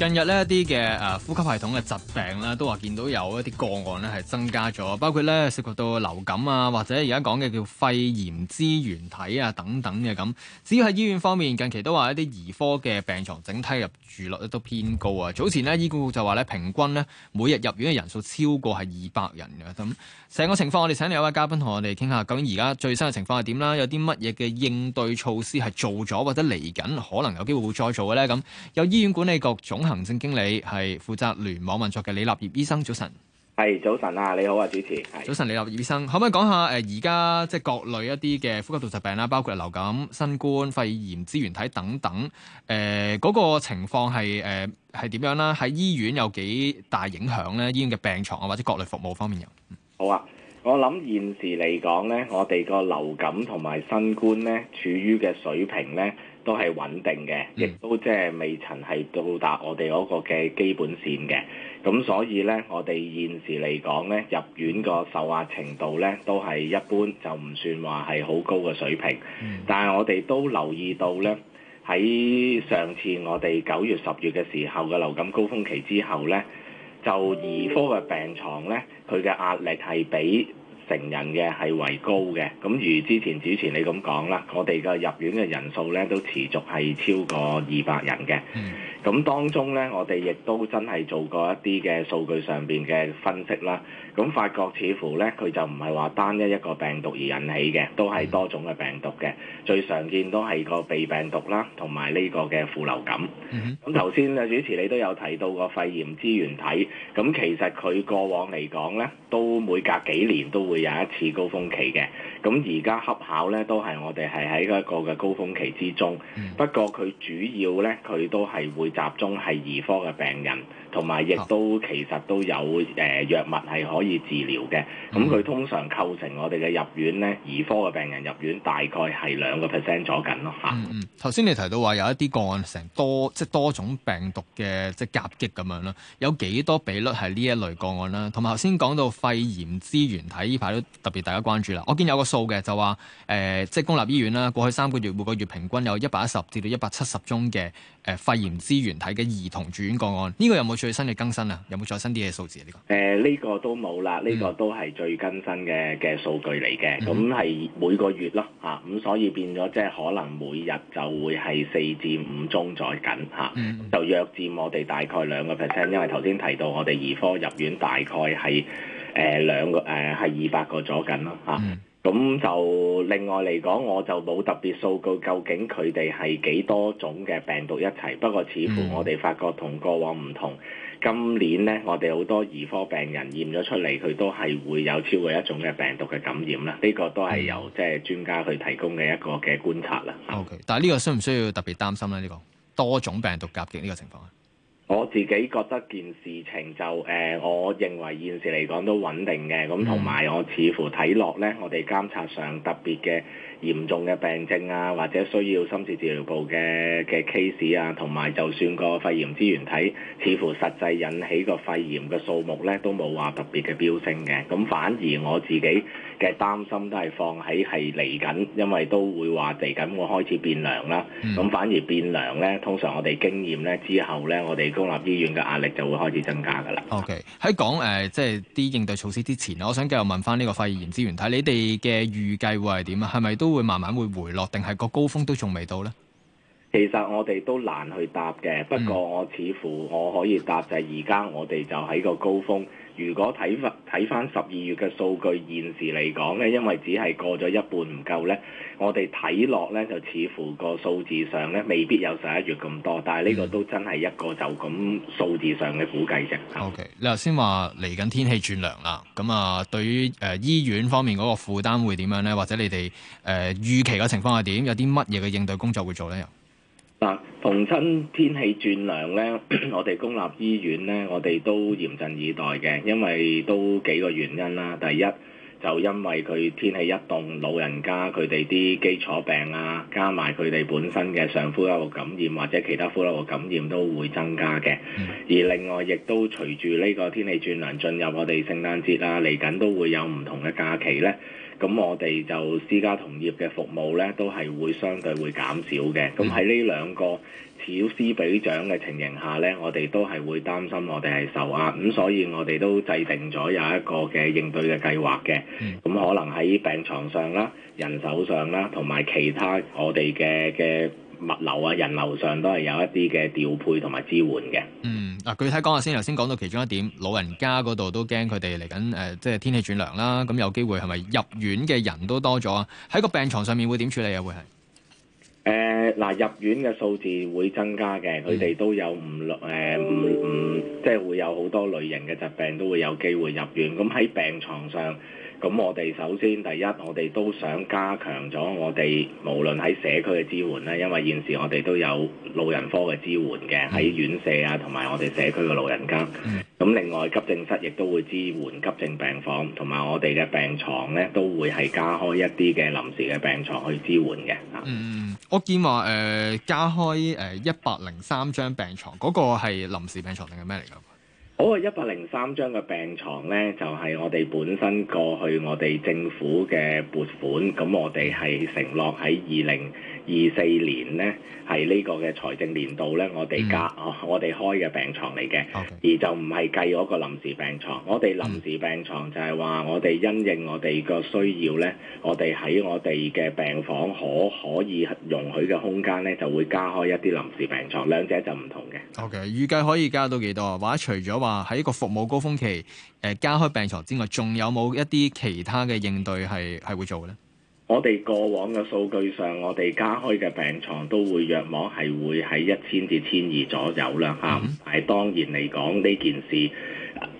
近日呢一啲嘅誒呼吸系統嘅疾病啦，都話見到有一啲個案咧係增加咗，包括咧涉及到流感啊，或者而家講嘅叫肺炎支原體啊等等嘅咁。只要喺醫院方面，近期都話一啲兒科嘅病床整體入住率都偏高啊。早前咧醫管局就話咧平均咧每日入院嘅人數超過係二百人嘅咁。成、嗯、個情況，我哋請嚟有位嘉賓同我哋傾下究竟而家最新嘅情況係點啦？有啲乜嘢嘅應對措施係做咗或者嚟緊可能有機會會再做嘅咧？咁有醫院管理局總。行政經理係負責聯網運作嘅李立業醫生，早晨，係早晨啊，你好啊，主持，早晨，李立業醫生，可唔可以講下誒，而、呃、家即係各類一啲嘅呼吸道疾病啦，包括流感、新冠、肺炎、支原體等等，誒、呃，嗰、那個情況係誒係點樣啦？喺醫院有幾大影響咧？醫院嘅病床啊，或者各類服務方面有？好啊，我諗現時嚟講咧，我哋個流感同埋新冠咧，處於嘅水平咧。都係穩定嘅，亦都即係未曾係到達我哋嗰個嘅基本線嘅。咁所以呢，我哋現時嚟講呢，入院個受壓程度呢，都係一般，就唔算話係好高嘅水平。但係我哋都留意到呢，喺上次我哋九月、十月嘅時候嘅流感高峰期之後呢，就兒科嘅病床呢，佢嘅壓力係比成人嘅係為高嘅，咁如之前主持人你咁講啦，我哋嘅入院嘅人數咧都持續係超過二百人嘅。Mm hmm. 咁當中咧，我哋亦都真係做過一啲嘅數據上邊嘅分析啦。咁發覺似乎咧，佢就唔係話單一一個病毒而引起嘅，都係多種嘅病毒嘅。最常見都係個鼻病毒啦，同埋呢個嘅副流感。咁頭先啊，hmm. 主持你都有提到個肺炎支原體。咁其實佢過往嚟講咧，都每隔幾年都會有一次高峰期嘅。咁而家恰巧咧，都係我哋係喺一個嘅高峰期之中。嗯、不過佢主要咧，佢都係會集中係兒科嘅病人，同埋亦都其實都有誒藥、呃、物係可以治療嘅。咁佢通常構成我哋嘅入院咧，兒、嗯、科嘅病人入院大概係兩個 percent 左近咯吓，嗯嗯，頭先你提到話有一啲個案成多即係多種病毒嘅即係夾擊咁樣啦，有幾多比率係呢一類個案啦？同埋頭先講到肺炎支原體呢排都特別大家關注啦。我見有個，數嘅就話誒、呃，即係公立醫院啦、啊，過去三個月每個月平均有一百一十至到一百七十宗嘅誒、呃、肺炎支原體嘅兒童住院個案，呢、這個有冇最新嘅更新啊？有冇再新啲嘅數字啊？呢個誒、呢、呃，這個都冇啦，呢、這個都係最更新嘅嘅數據嚟嘅，咁係、嗯、每個月咯，啊，咁所以變咗即係可能每日就會係四至五宗在緊吓，啊、嗯嗯就約佔我哋大概兩個 percent，因為頭先提到我哋兒科入院大概係誒兩個誒係二百個咗緊咯，吓、啊。嗯咁就另外嚟講，我就冇特別數據，究竟佢哋係幾多種嘅病毒一齊，不過似乎我哋發覺同過往唔同，嗯、今年咧我哋好多兒科病人驗咗出嚟，佢都係會有超過一種嘅病毒嘅感染啦。呢、呢個都係由即係專家去提供嘅一個嘅觀察啦。O K，嗯嗯、但係呢個需唔需要特別擔心咧？呢、呢個多種病毒夾擊呢個情況啊？自己覺得件事情就誒、呃，我認為現時嚟講都穩定嘅。咁同埋我似乎睇落咧，我哋監察上特別嘅嚴重嘅病症啊，或者需要深切治療部嘅嘅 case 啊，同埋就算個肺炎支原體，似乎實際引起個肺炎嘅數目咧，都冇話特別嘅飆升嘅。咁反而我自己嘅擔心都係放喺係嚟緊，因為都會話嚟緊我開始變涼啦，咁、嗯、反而變涼咧，通常我哋經驗咧之後咧，我哋公立醫院嘅壓力就會開始增加㗎喇。OK，喺講誒，即係啲應對措施之前，我想繼續問翻呢個肺炎支原體，你哋嘅預計會係點啊？係咪都會慢慢會回落，定係個高峰都仲未到呢？其實我哋都難去答嘅，嗯、不過我似乎我可以答就係而家我哋就喺個高峰。如果睇翻睇翻十二月嘅數據，現時嚟講呢，因為只係過咗一半唔夠呢，我哋睇落呢就似乎個數字上呢未必有十一月咁多，但係呢個都真係一個就咁數字上嘅估計啫。嗯嗯、o、Okay, K，你頭先話嚟緊天氣轉涼啦，咁啊，對於誒、呃、醫院方面嗰個負擔會點樣呢？或者你哋誒、呃、預期嘅情況係點？有啲乜嘢嘅應對工作會做呢？嗯嗱，逢親天氣轉涼呢， 我哋公立醫院呢，我哋都嚴陣以待嘅，因為都幾個原因啦。第一就因為佢天氣一凍，老人家佢哋啲基礎病啊，加埋佢哋本身嘅上呼吸道感染或者其他呼吸道感染都會增加嘅。而另外亦都隨住呢個天氣轉涼，進入我哋聖誕節啦，嚟緊都會有唔同嘅假期呢。咁我哋就私家同業嘅服務咧，都係會相對會減少嘅。咁喺呢兩個此消彼長嘅情形下咧，我哋都係會擔心我哋係受壓。咁所以我哋都制定咗有一個嘅應對嘅計劃嘅。咁可能喺病床上啦、人手上啦，同埋其他我哋嘅嘅，物流啊、人流上都係有一啲嘅調配同埋支援嘅。嗯，嗱、啊，具體講下先。頭先講到其中一點，老人家嗰度都驚佢哋嚟緊誒，即係天氣轉涼啦，咁有機會，係咪入院嘅人都多咗啊？喺個病床上面會點處理啊？會係誒，嗱、呃呃，入院嘅數字會增加嘅，佢哋都有唔落誒，唔、呃、唔，即係、就是、會有好多類型嘅疾病都會有機會入院。咁喺病床上。咁我哋首先第一，我哋都想加強咗我哋無論喺社區嘅支援啦，因為現時我哋都有老人科嘅支援嘅喺、嗯、院舍啊，同埋我哋社區嘅老人家。咁、嗯、另外急症室亦都會支援急症病房，同埋我哋嘅病床咧都會係加開一啲嘅臨時嘅病床去支援嘅。嗯，我見話誒、呃、加開誒一百零三張病床嗰、嗰個係臨時病床定係咩嚟噶？嗰個一百零三張嘅病床咧，就係我哋本身過去我哋政府嘅撥款，咁我哋係承諾喺二零二四年呢，係呢個嘅財政年度呢，我哋加、嗯啊、我哋開嘅病床嚟嘅，Okay. 而就唔係計嗰個臨時病床。我哋臨時病床就係話，我哋因應我哋個需要呢，我哋喺我哋嘅病房可可以容許嘅空間呢，就會加開一啲臨時病床，兩者就唔同嘅。Okay，預計可以加到幾多？或者除咗話喺個服務高峰期、呃、加開病床之外，仲有冇一啲其他嘅應對係係會做呢？我哋過往嘅數據上，我哋加開嘅病床都會約莫係會喺一千至千二左右啦，嚇。係當然嚟講呢件事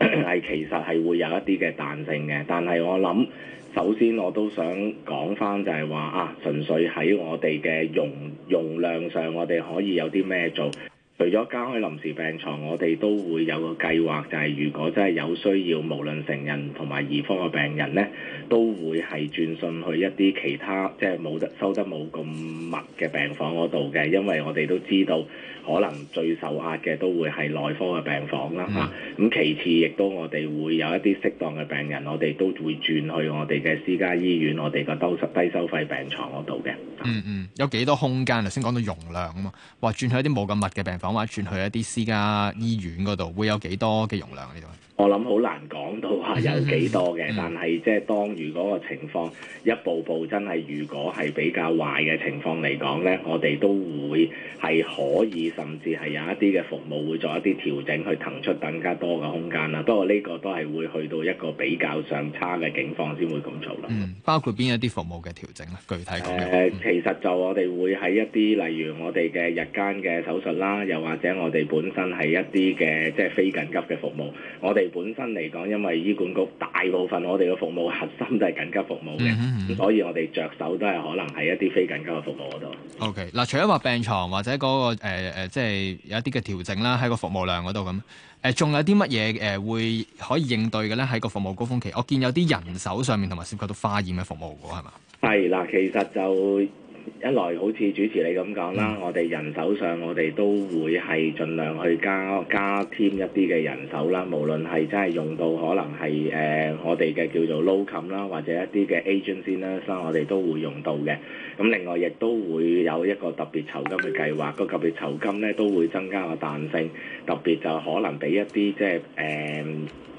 係 其實係會有一啲嘅彈性嘅，但係我諗，首先我都想講翻就係話啊，純粹喺我哋嘅容容量上，我哋可以有啲咩做？除咗加開臨時病床，我哋都會有個計劃，就係如果真係有需要，無論成人同埋兒科嘅病人咧，都會係轉送去一啲其他即係冇得收得冇咁密嘅病房嗰度嘅，因為我哋都知道可能最受壓嘅都會係內科嘅病房啦嚇。咁、嗯、其次，亦都我哋會有一啲適當嘅病人，我哋都會轉去我哋嘅私家醫院，我哋個兜低收費病床嗰度嘅。嗯嗯，有幾多空間啊？頭先講到容量啊嘛。哇，轉去一啲冇咁密嘅病房。講話轉去一啲私家醫院嗰度，會有幾多嘅容量呢度？我諗好難講到話有幾多嘅，嗯、但係即係當如果個情況、嗯、一步步真係如果係比較壞嘅情況嚟講呢，我哋都會係可以甚至係有一啲嘅服務會做一啲調整，去騰出更加多嘅空間啦。不過呢個都係會去到一個比較上差嘅境況先會咁做啦。嗯，包括邊一啲服務嘅調整咧？具體講咧？誒、呃，嗯、其實就我哋會喺一啲例如我哋嘅日間嘅手術啦，又或者我哋本身係一啲嘅即係非緊急嘅服務，我哋。本身嚟講，因為醫管局大部分我哋嘅服務核心都係緊急服務嘅，嗯嗯嗯，所以我哋着手都係可能喺一啲非緊急嘅服務嗰度。OK，嗱、啊，除咗話病床或者嗰、那個誒、呃呃、即係有一啲嘅調整啦，喺個服務量嗰度咁。誒、呃，仲有啲乜嘢誒會可以應對嘅咧？喺個服務高峰期，我見有啲人手上面同埋涉及到化驗嘅服務喎，係嘛？係。嗱，其實就。一來好似主持你咁講啦，嗯、我哋人手上我哋都會係盡量去加加添一啲嘅人手啦，無論係真係用到可能係誒、呃、我哋嘅叫做 local 啦，come, 或者一啲嘅 agent 先啦，所以我哋都會用到嘅。咁另外亦都會有一個特別酬金嘅計劃，個特別酬金咧都會增加個彈性，特別就可能俾一啲即係誒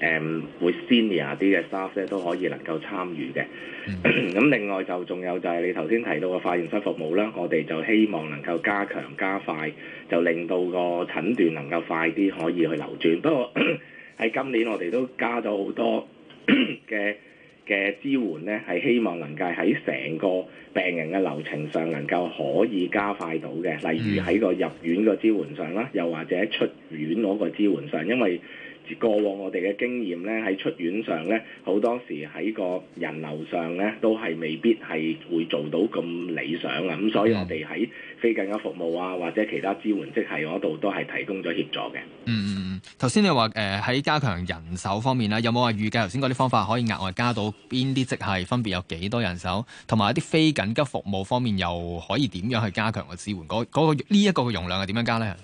誒會 senior 啲嘅 staff 咧都可以能夠參與嘅。咁、嗯、 另外就仲有就係你頭先提到嘅化驗服務啦，我哋就希望能夠加強加快，就令到個診斷能夠快啲可以去流轉。不過喺今年我哋都加咗好多嘅嘅 支援呢，係希望能夠喺成個病人嘅流程上能夠可以加快到嘅，例如喺個入院個支援上啦，又或者出院嗰個支援上，因為。過往我哋嘅經驗咧，喺出院上咧，好多時喺個人流上咧，都係未必係會做到咁理想啦。咁、嗯、所以我哋喺非緊急服務啊，或者其他支援職系嗰度，都係提供咗協助嘅。嗯嗯嗯，頭先你話誒喺加強人手方面啦，有冇話預計頭先嗰啲方法可以額外加到邊啲職系，分別有幾多人手，同埋一啲非緊急服務方面又可以點樣去加強個支援？嗰、嗰個呢一、呢個嘅容量係點樣加咧？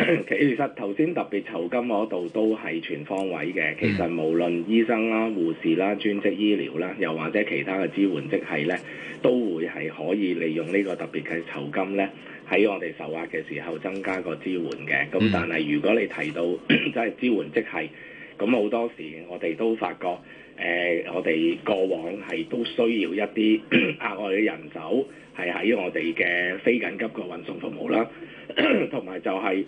其實頭先特別酬金嗰度都係全方位嘅，其實無論醫生啦、護士啦、專職醫療啦，又或者其他嘅支援職系咧，都會係可以利用呢個特別嘅酬金咧，喺我哋受壓嘅時候增加個支援嘅。咁但係如果你提到即係、 就係、支援職系，咁好多時我哋都發覺誒、呃，我哋過往係都需要一啲 額外嘅人手，係喺我哋嘅非緊急個運送服務啦，同埋 就係、係。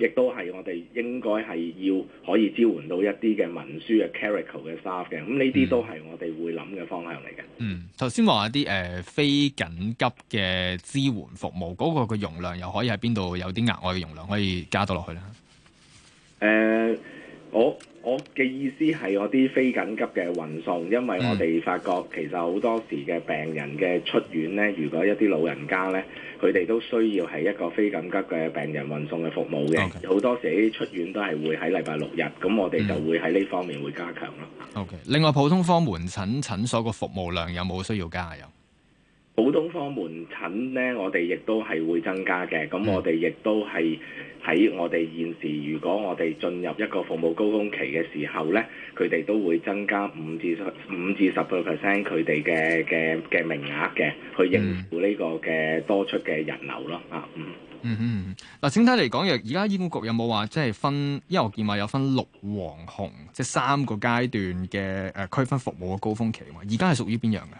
亦都係我哋應該係要可以支援到一啲嘅文書嘅 character 嘅 staff 嘅，咁呢啲都係我哋會諗嘅方向嚟嘅。嗯，頭先話一啲誒、呃、非緊急嘅支援服務，嗰、嗰個嘅容量又可以喺邊度有啲額外嘅容量可以加到落去咧？誒、呃，我、哦。我嘅意思係我啲非緊急嘅運送，因為我哋發覺其實好多時嘅病人嘅出院呢，如果一啲老人家呢，佢哋都需要係一個非緊急嘅病人運送嘅服務嘅。好 Okay. 多時出院都係會喺禮拜六日，咁我哋就會喺呢方面會加強咯。OK，另外普通科門診診所個服務量有冇需要加油？普通科門診咧，我哋亦都係會增加嘅。咁我哋亦都係喺我哋現時，如果我哋進入一個服務高峰期嘅時候咧，佢哋都會增加五至十、五至十個 percent 佢哋嘅嘅嘅名額嘅，去應付呢個嘅多出嘅人流咯。啊，嗯嗯嗯。嗱、嗯，整體嚟講，而家醫管局有冇話，即係分，因為我見話有分綠、黃、紅，即係三個階段嘅誒區分服務嘅高峰期嘛。而家係屬於邊樣嘅？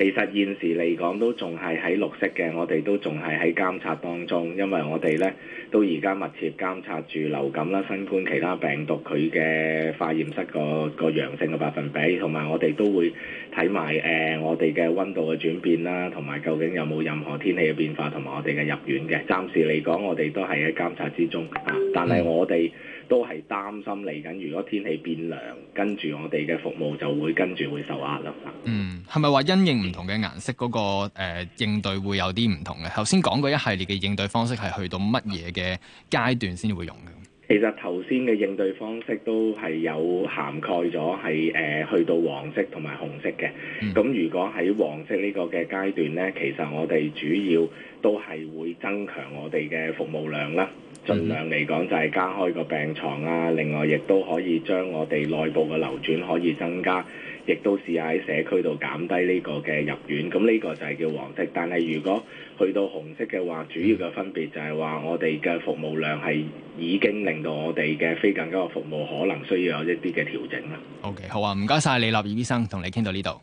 其實現時嚟講都仲係喺綠色嘅，我哋都仲係喺監察當中，因為我哋呢都而家密切監察住流感啦、新冠其他病毒佢嘅化驗室個個陽性嘅百分比，同埋我哋都會睇埋誒我哋嘅溫度嘅轉變啦，同埋究竟有冇任何天氣嘅變化，同埋我哋嘅入院嘅。暫時嚟講，我哋都係喺監察之中，但係我哋都係擔心嚟緊，如果天氣變涼，跟住我哋嘅服務就會跟住會受壓啦。嗯。係咪話因應唔同嘅顏色嗰、嗰個誒、呃、應對會有啲唔同嘅？頭先講過一系列嘅應對方式係去到乜嘢嘅階段先會用嘅？其實頭先嘅應對方式都係有涵蓋咗係誒去到黃色同埋紅色嘅。咁、嗯、如果喺黃色呢個嘅階段咧，其實我哋主要都係會增強我哋嘅服務量啦，盡量嚟講就係加開個病床啊，另外亦都可以將我哋內部嘅流轉可以增加。亦都試下喺社區度減低呢個嘅入院，咁呢個就係叫黃色。但係如果去到紅色嘅話，主要嘅分別就係話我哋嘅服務量係已經令到我哋嘅非緊急嘅服務可能需要有一啲嘅調整啦。OK，好啊，唔該晒。李立業醫生，同你傾到呢度。